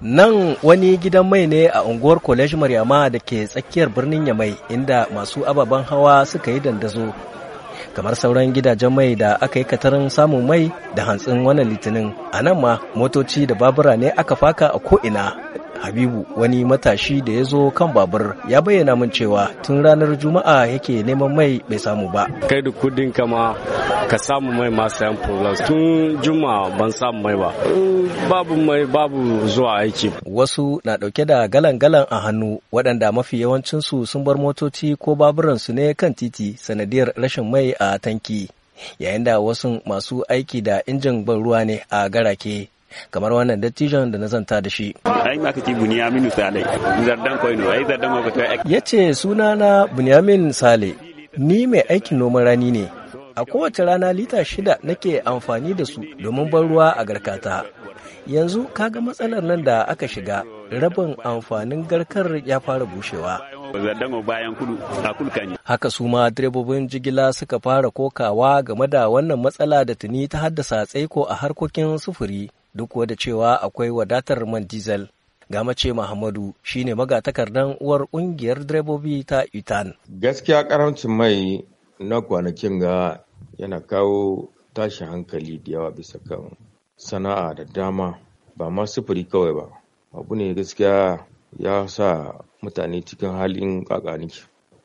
Nan wani gidan mai ne a unguwar College Maryama da ke tsakiyar birnin Yamai inda masu ababen hawa suka yi dandazo kamar sauran gidajen mai da aka yi katarin samun mai da hantsin wannan litinin a nan ma motoci da babura ne aka faka a ko'ina habibu wani matashi da ya zo kan babur ya bayyana min cewa tun ranar juma'a yake neman mai bai samu ba kai da kudin kama ka samu mai masu yan tun juma'a ban samu mai ba babu mai babu zuwa aiki wasu na dauke da galan-galan a hannu waɗanda mafi yawancinsu sun bar motoci ko baburansu ne kan titi sanadiyar rashin mai a tanki yayin da wasu masu aiki da injin ban ruwa ne a garake kamar wannan dattijon da na zanta da shi. Ya ce suna na Bunyamin Sale, ni mai aikin noman rani ne. A kowace rana lita shida nake amfani da su domin ban ruwa a garkata. Yanzu kaga matsalar nan da aka shiga, rabin amfanin garkar ya fara bushewa. bayan kudu a kulkani. Haka su ma direbobin jigila suka fara kokawa game da wannan matsala da tuni ta haddasa tsaiko a harkokin sufuri duk da cewa akwai wadatar man diesel. Gamace Muhammadu shine magatakardan uwar ƙungiyar direbobi ta Itan. Gaskiya karancin mai na kwanakin ga yana kawo tashi hankali da yawa bisa kan sana'a da dama ba ma sufuri kawai ba. Abu ne gaskiya ya sa mutane cikin halin kakaniki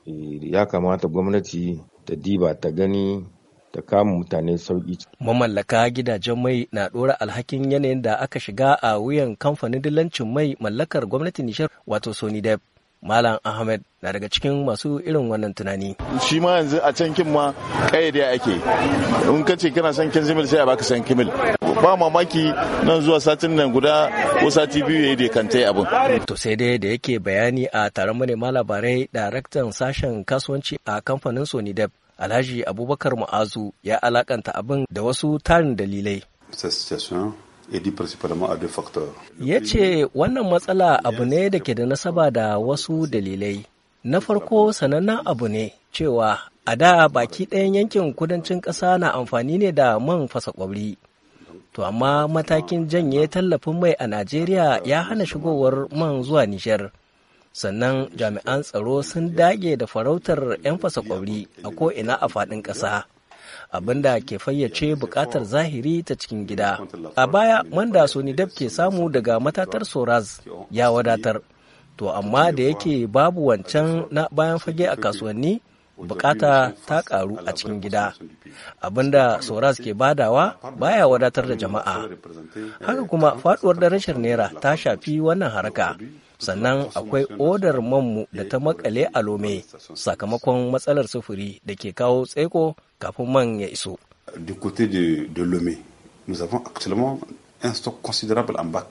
eh, ya kamata gwamnati ta diba ta gani ta kama mutane sauki. Mamallaka gidajen mai na ɗora alhakin yanayin da aka shiga a wuyan kamfanin dillancin mai mallakar gwamnati Nishar wato Sony dev Malam Ahmed na daga cikin masu irin wannan tunani. Shi ma yanzu a can kin ma kayyade ake. In ka ce kana son kin sai a baka san kimil. Ba mamaki nan zuwa satin nan guda ko sati biyu ya yi kantai abin. To sai dai da yake bayani a taron manema labarai daraktan sashen kasuwanci a kamfanin Sony Dep Alhaji Abubakar Mu'azu ya alakanta abin da wasu tarin dalilai. Ya ce wannan matsala abu ne da ke da nasaba da wasu dalilai. Na farko sanannen abu ne cewa a da baki ɗayan yankin kudancin ƙasa na amfani ne da man fasa ƙwabri. to amma matakin janye tallafin mai a najeriya ya hana shigowar man zuwa nijar sannan jami'an tsaro sun dage da farautar 'yan fasa kwauri a ko'ina a faɗin ƙasa abinda ke fayyace buƙatar zahiri ta cikin gida a baya manda dab ke samu daga matatar soraz ya wadatar to amma da yake babu wancan na bayan fage a kasuwanni bukata ta karu a cikin gida abinda soras ke badawa baya wadatar da jama'a haka kuma faduwar darashar naira ta shafi wannan haraka sannan akwai odar manmu da ta makale a lome sakamakon matsalar sufuri da ke kawo tseko kafin man ya iso in stock considerable and back.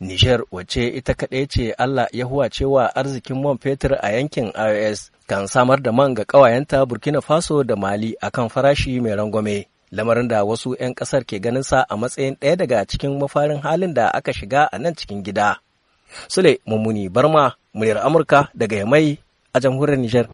Niger wace ita kaɗai ce Allah ya cewa arzikin man fetur a yankin IOS kan samar da man ga ƙawayenta Burkina Faso da Mali a kan farashi mai rangwame. Lamarin da wasu 'yan ƙasar ke ganin sa a matsayin ɗaya daga cikin mafarin halin da aka shiga a nan cikin gida. Sule Mummuni Barma, muryar Amurka daga Yamai a jamhuriyar Nijar.